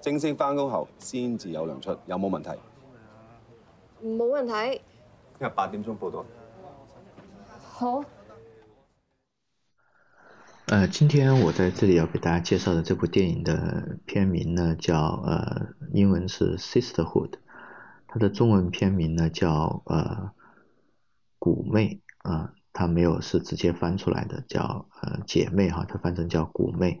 正式翻工後先至有糧出，有冇問題？冇問題。今日八點鐘報到。好。呃，今天我在這裏要給大家介紹的這部電影的片名呢，叫呃，英文是 Sisterhood，它的中文片名呢叫呃，骨妹啊，呃，它沒有是直接翻出來的，叫呃姐妹哈，它翻成叫骨妹。